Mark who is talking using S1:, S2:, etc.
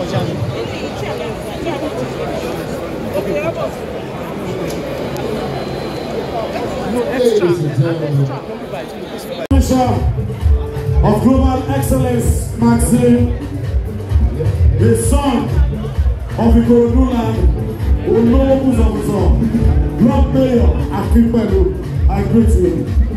S1: kọjá ni.
S2: Of global excellence, Maxim,
S3: the
S4: son of the will Ikorodu land, Olówó song. Lord Mayor Akínpẹ̀lú, I greet you.